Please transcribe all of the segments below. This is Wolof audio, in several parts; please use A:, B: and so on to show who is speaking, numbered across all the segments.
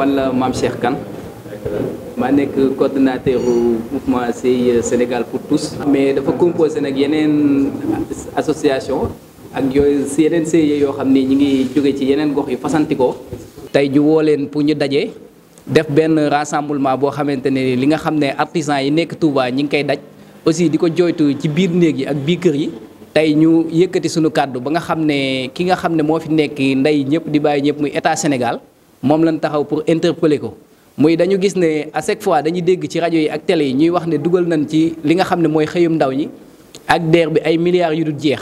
A: man la Mame Cheikh Kane maa nekk coordonnateur mouvement CIE Sénégal pour tous mais dafa composé nag yeneen association ak yooyu yeneen CIE yoo xam ni ñi ngi jóge ci yeneen gox yu fasantikoo tey ju woo leen pour ñu daje def benn rassemblement boo xamante ne li nga xam ne artisan yi nekk Touba ñi ngi koy daj aussi di ko joytu ci biir néeg yi ak bii kër yi tey ñu yëkkati sunu kàddu ba nga xam ne ki nga xam ne moo fi nekk ndey ñëpp di bàyyi ñëpp muy état Sénégal moom lañ taxaw pour interpeller ko muy dañu gis ne à chaque fois dañuy dégg ci rajo yi ak télé yi ñuy wax ne dugal nañ ci li nga xam ne mooy xëyum ndaw ñi ak DER bi ay milliards yu dul jeex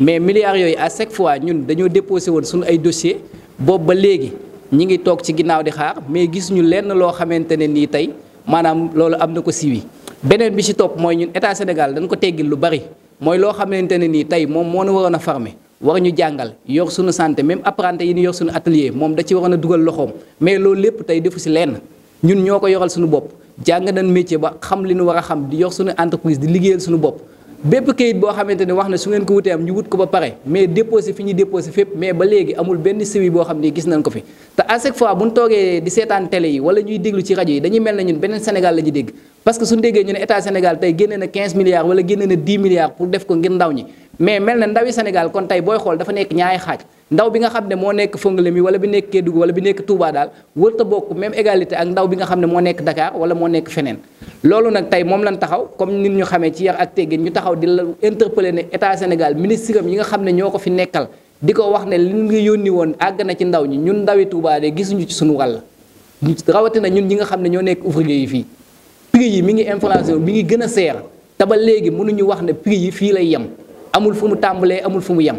A: mais milliards yooyu à chaque fois ñun dañoo déposé woon suñu ay dossier boobu ba léegi ñi ngi toog ci ginnaaw di xaar mais gis ñu lenn loo xamante ne nii tey maanaam loolu am na ko siiwi beneen bi ci topp mooy ñun état Sénégal dañ ko teggil lu bari mooy loo xamante ne nii tey moom moo nu waroon a farme war ñu jàngal yor sunu santé même apprenti yi ñu yor suñu atelier moom da ci waroon na dugal loxoom mais loolu lépp tey defu si lenn ñun ñoo ko yoral suñu bopp jàng nañ métier ba xam li ñu war a xam di yor suñu entreprise di liggéeyal suñu bopp bépp kayit boo xamante ne wax na su ngeen ko wutee am ñu wut ko ba pare mais déposé fi ñuy déposé fépp mais ba léegi amul benn siwi boo xam ne gis nañ ko fi te à chaque fois bu ñu toogee di seetaan télé yi wala ñuy déglu ci rajo yi dañuy mel ne ñun beneen Sénégal la ñuy dégg parce que suñu déggee ñu ne état Sénégal tey génnee mais mel na ndawi Sénégal kon tey booy xool dafa nekk ñaari xaaj ndaw bi nga xam ne moo nekk Fongolemi wala bi nekk Kédougou wala bi nekk Touba daal wërta bokk même égalité ak ndaw bi nga xam ne moo nekk Dakar wala moo nekk feneen loolu nag tey moom lan taxaw comme nit ñu xamee ci yar ak teggin ñu taxaw di la interpeller ne état Sénégal ministre am yi nga xam ne ñoo ko fi nekkal di ko wax ne li nga yónni woon àgg na ci ndaw ñi ñun ndawi Touba de ci suñu wàll rawatina ñun ñi nga xam ne ñoo nekk ouvrier yi fii prix yi mi ngi inflation mi ngi gën a seer te ba léegi mënuñu wax ne prix yi fii lay yem amul fu mu tàmbalee amul fu mu yem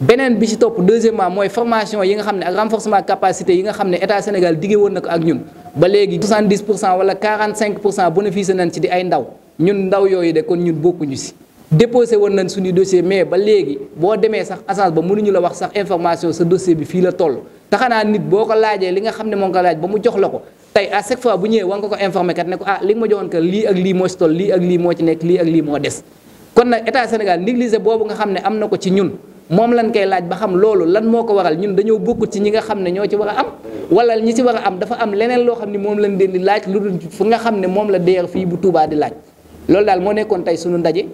A: beneen bi ci topp deuxièmement mooy formation yi nga xam ne ak renforcement capacité yi nga xam ne état Sénégal diggé woon na ko ak ñun ba léegi 70 pour cent wala 45 pour cent bénéficié nañ ci di ay ndaw ñun ndaw yooyu de kon ñun bokkuñu si déposé woon nañ suñu dossier mais ba léegi boo demee sax agence ba mënuñu la wax sax information sa dossier bi fii la toll taxanaa nit boo ko laajee li nga xam ne moo ngi laaj ba mu jox la ko tey à chaque fois nga ko informer kat ah, li ma joxoon lii ak moo ci toll ak lii moo ci nekk lii ak lii moo des kon nag état Sénégal négligé boobu nga xam ne am na ko ci ñun moom lan koy laaj ba xam loolu lan moo ko waral ñun dañoo bokkut ci ñi nga xam ne ñoo ci war a am wala ñi ci war a am dafa am leneen loo xam ne moom lañ leen di laaj lu dul fu nga xam ne moom la deer fii bu Touba di laaj loolu daal moo nekkoon tey suñu ndaje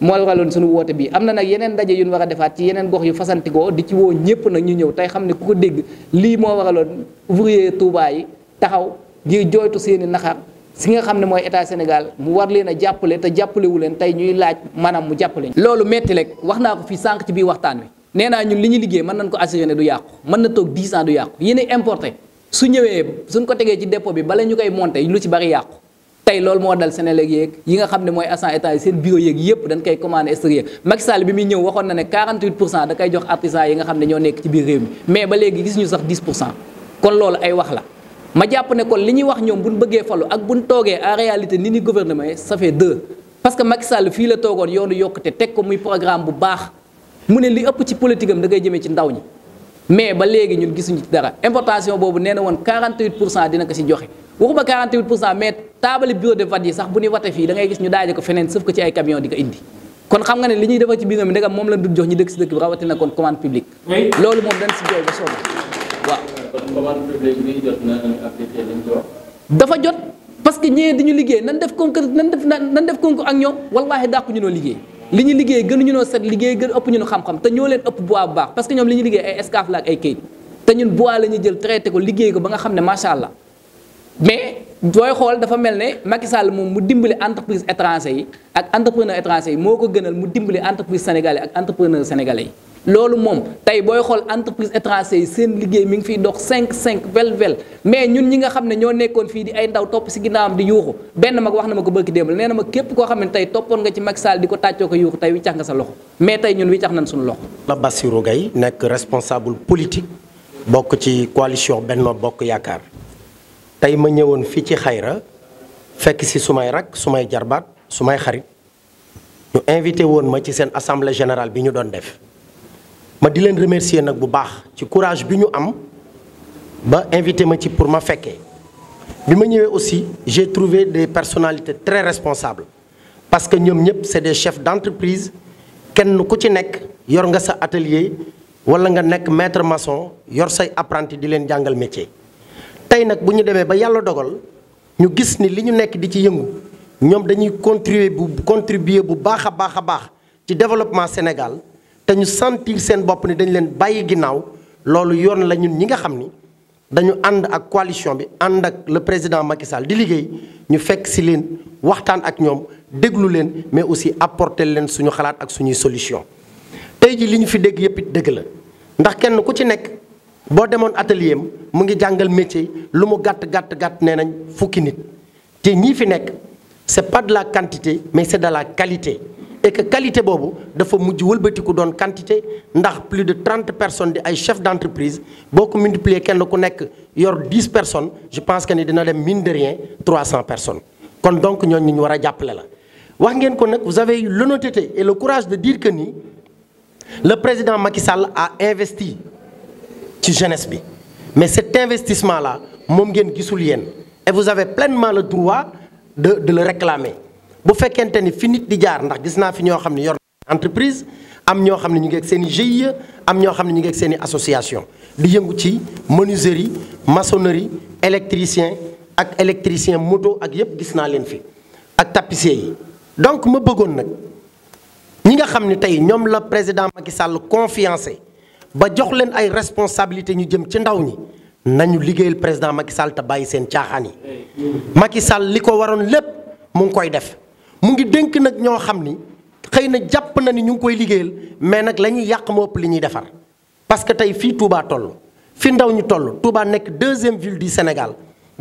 A: moo waraloon suñu woote bii am na nag yeneen ndaje yu ñu war a defaat ci yeneen gox yu fasantikoo di ci woo ñëpp nag ñu ñëw tey xam ne ku ko dégg lii moo waraloon ouvrier Touba yi taxaw ngir jooytu seeni naxar si nga xam ne mooy état Sénégal mu war leen a jàppale te jàppalewu leen tey ñuy laaj maanaam mu jàppale ñu loolu metti rek wax naa ko fii sànq ci biir waxtaan wi nee naa ñun li ñu liggéey mën nañ ko assuré ne du yàqu mën na toog 10 ans du yàqu yéen importé su ñëwee suñ ko tegee ci dépôt bi bala ñu koy monté lu ci bari yàqu tey loolu moo dal Senelec yeeg yi nga xam ne mooy agent état yi seen bureau yeeg yëpp dañ koy commandé extérieur Macky bi muy ñëw waxoon na ne 48 pour cent da koy jox artisan yi nga xam ne ñoo nekk ci biir réew mi ba léegi gis ñu sax 10 pour cent kon loolu ay wax la ma jàpp ne kon li ñuy wax ñoom bu ñu bëggee falu ak bu ñu toogee en réalité ni ni gouvernement yi ça fait deux parce que Macky fii la toogoon yoonu yokkute teg ko muy programme bu baax mu ne li ëpp ci politique am da ngay jëmee ci ndaw ñi mais ba léegi ñun gisuñu ci dara importation boobu nee na woon 48 pour cent dina ko si joxe waxuma mais taabali bureau de vote yi sax bu ñu wate fii da gis ñu daaje ko feneen sëf ko ci ay camion di indi kon xam nga ne li ñuy kon dafa jot parce que ñee dañu ñu liggéey nan def concours nan def nan def concours ak ñoom wallaahi dàqu ñu noo liggéey. li ñu liggéey gënuñu noo set liggéey gën ëpp ñu noo xam-xam te ñoo leen ëpp bois bu baax parce que ñoom li ñu liggéey ay escaf la ak ay kayit te ñun bois la ñuy jël traité ko liggéey ko ba nga xam ne macha allah mais booy xool dafa mel ne Macky Sall moom mu dimbali entreprise étranger yi ak entrepreneur étranger yi moo ko gënal mu dimbali entreprise sénégalais ak entrepreneur sénégalais loolu moom tey booy xool entreprise étranger yi seen liggéey mi ngi fiy dox cinq cinq vel vel mais ñun ñi nga xam ne ñoo nekkoon fii di ay ndaw topp si ginnaawam di yuuxu benn mag wax na ma ko bëgg démb nee na ma képp koo xam ne tey toppoon nga ci Macky Sall di ko tàccoo ko yuuxu tey wiccax nga sa loxo
B: mais tey ñun wiccax nañ suñu loxo. la Bassirou Gaye nekk responsable politique bokk ci coalition Benno Bokk Yaakaar tey ma ñëwoon fii ci xayra fekk si sumay rak sumay jarbaat sumay xarit ñu invité woon ma ci seen assemblée générale bi ñu doon def. ma di leen remercier nag bu baax ci courage bi ñu am ba invité ma ci pour ma fekkee bi ma ñëwee aussi j'ai trouvé des personnalités très responsables parce que ñoom ñëpp c'est des chefs d'entreprise kenn ku ci nekk yor nga sa atelier wala nga nekk maître mason yor say apprenti di leen jàngal métier tey nag bu ñu demee ba yàlla dogal ñu gis ni li ñu nekk di ci yëngu ñoom dañuy contribuer bu contribuer bu baax a baax a baax ci développement Sénégal dañu ñu seen bopp ni dañ leen bàyyi ginnaaw loolu yoon la ñun ñi nga xam ni dañu ànd ak coalition bi ànd ak le président Macky Sall di liggéey ñu fekk si leen waxtaan ak ñoom déglu leen mais aussi apporter leen suñu xalaat ak suñuy solution tey ji li ñu fi dégg yëpp dégg la ndax kenn ku ci nekk boo demoon atelier am mu ngi jàngal métier lu mu gàtt gàtt gàtt nee nañ fukki nit te ñii fi nekk c'est pas de la quantité mais c'est de la qualité et que qualité boobu dafa mujj wëlbatiku doon quantité ndax plus de trente personnes di ay chef d' entreprise boo ko multiplier kenn ku nekk yor dix personnes je pense que ni dina dem mine de rien trois cent personnes kon donc ñooñu ñu war a jàppale la. wax ngeen ko nag vous avez eu l'honnêteté et le courage de dire que ni le président Macky Sall a investi ci jeunesse bi mais cet investissement la moom ngeen gisul yéen et vous avez pleinement le droit de de le réclamer. bu fekkente ni fi nit di jaar ndax gis naa fi ñoo xam ne yor entreprise am ñoo xam ne ñu ngi seeni seen am ñoo xam ne ñu ngi ak seen association di yëngu ci menuiserie masonerie électricien ak électricien moto ak yëpp gis naa leen fi ak tapissier yi donc ma bëggoon nag ñi nga xam ne tey ñoom la président Macky Sall confiancé ba jox leen ay responsabilité ñu jëm ci ndaw ñi nañu liggéeyal président Macky Sall te bàyyi seen caaxaan yi Macky Sall li ko waroon lépp mu ngi koy def mu ngi dénk nag ñoo xam ni xëy na jàpp na ni ñu ngi koy liggéeyal mais nag la ñuy yàq moo ëpp li ñuy defar parce que tey fii Touba toll fi ndaw ñu toll Touba nekk deuxième ville du Sénégal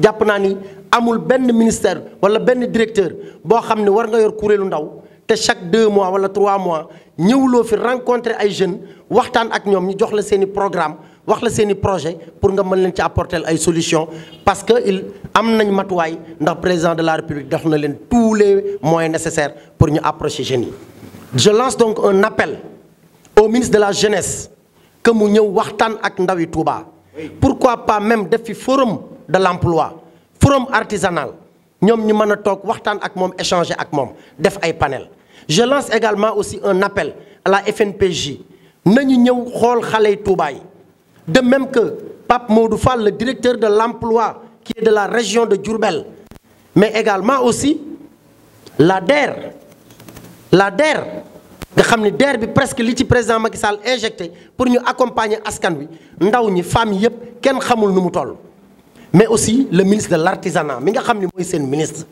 B: jàpp naa ni amul benn ministère wala benn directeur boo xam ne war nga yor kuréelu ndaw te chaque deux mois wala trois mois ñëwuloo fi rencontrer ay jeunes waxtaan ak ñoom ñu jox la seeni programme wax la seeni projet pour nga mën leen ci apporter ay solution parce que il am nañ matuwaay ndax président de la république dox na leen tous les moyens nécessaires pour ñu approcher jeunes yi je lance donc un appel au ministre de la jeunesse que mu ñëw waxtaan ak ndawi Touba pourquoi pas même def fi forum de l'emploi forum artisanal ñoom ñu mën a toog waxtaan ak moom échanger ak moom def ay panel je lance également aussi un appel à la FNPJ nañu ñëw xool xale yi Touba De même que Pape Maudoufal, la directeur de l'emploi qui de la région de Djourbel, mais également aussi la DER. La DER, nga xam ne DER bi presque li ci président Macky Sall injecté pour ñu accompagner askan wi ndaw ñi femmes yëpp kenn xamul nu mu toll mais aussi le ministre de l'artisanat mi nga xam ne mooy seen ministre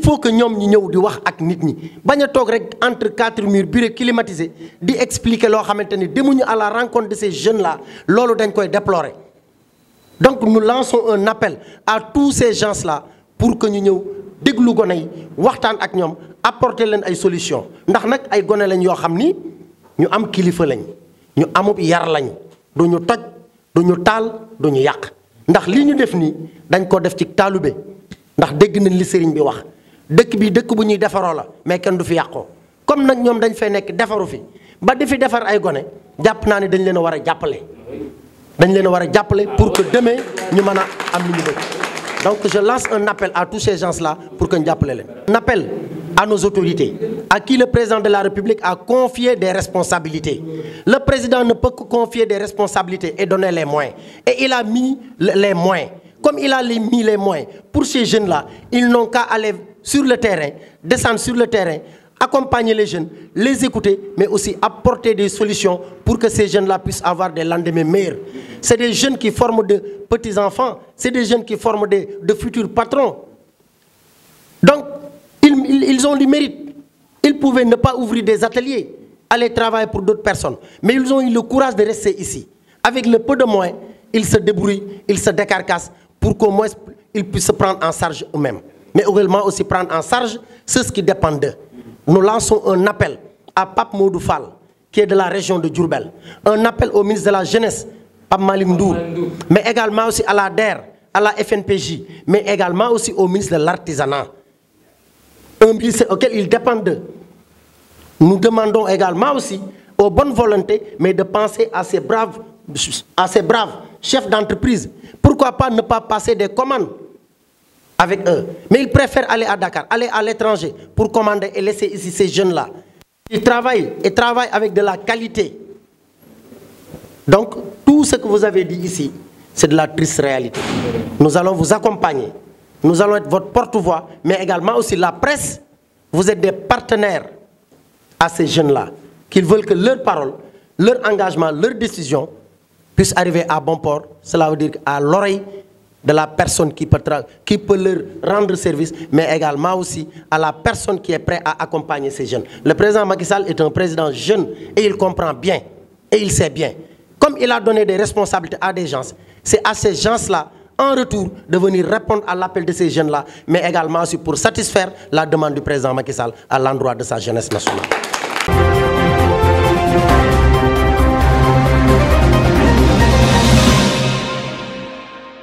B: il faut que ñoom ñu ñëw di wax ak nit ñi bañ a toog rek entre quatre murs bureau climatisé di expliquer loo xamante ni demuñu à la rencontre de ces jeunes là loolu dañ koy déplorer. donc nous lançons un appel à tous ces gens là pour que ñu ñëw déglu gone yi waxtaan ak ñoom apporter leen ay solution ndax nag ay gone lañ yoo xam ni ñu am kilifa lañ ñu amub yar lañ du ñu toj du ñu taal du ñu yàq ndax li ñu def nii dañ ko def ci taalube ndax dégg nañ li sëriñ bi wax dëkk bii dëkk bu ñuy defaroo la mais kenn du fi yàqoo comme nag ñoom dañ fay nekk defaru fi ba di fi defar ay gone jàpp naa ne dañ leen a war a jàppale dañ leen war a jàppale pour que demain ñu mën a am lu ñu bëgg donc je lance un nappel à tous ces gens là pour que ñu jàppale leen nappel appel à nos autorités à qui le président de la République a confié des responsabilités le président ne pëkk confier des responsabilités et donner les moyens et il a les moyens comme il a mis les pour jeunes là sur le terrain descendre sur le terrain accompagner les jeunes les écouter mais aussi apporter des solutions pour que ces jeunes là puissent avoir des lendemains meilleurs c'est des jeunes qui forment de petits enfants c'est des jeunes qui forment de de futurs patrons donc ils ils ont du mérite ils pouvaient ne pas ouvrir des ateliers aller travailler pour d'autres personnes mais ils ont eu le courage de rester ici avec le peu de moyens ils se pour qu'au moins ils puissent se prendre en charge eux-mêmes mais également aussi prendre en charge ceux qui dépendent d'eux. Nous lançons un appel à Pape Modou Fall, qui est de la région de Djourbel, un appel au ministre de la Jeunesse, Pape Malik Ndour, mais également aussi à la DER, à la FNPJ, mais également aussi au ministre de l'Artisanat, un ministre auquel ils dépendent d'eux. Nous demandons également aussi aux bonnes volontés, mais de penser à ces braves, à ces braves chefs d'entreprise. Pourquoi pas ne pas passer des commandes avec eux. Mais ils préfèrent aller à Dakar, aller à l'étranger pour commander et laisser ici ces jeunes-là. Ils travaillent avec de la qualité. Donc, tout ce que vous avez dit ici, c'est de la triste réalité. Nous allons vous accompagner. Nous allons être votre porte-voix, mais également aussi la presse. Vous êtes des partenaires à ces jeunes-là, qu'ils veulent que leur parole, leur engagement, leur décision puissent arriver à bon port. Cela veut dire à l'oreille de la personne qui peut, qui leur rendre service, mais également aussi à la personne qui est prête à accompagner ces jeunes. Le président Macky Sall est un président jeune et il comprend bien et il sait bien. Comme il a donné des responsabilités à des gens, c'est à ces gens-là, en retour, de venir répondre à l'appel de ces jeunes-là, mais également aussi pour satisfaire la demande du président Macky Sall à l'endroit de sa jeunesse nationale.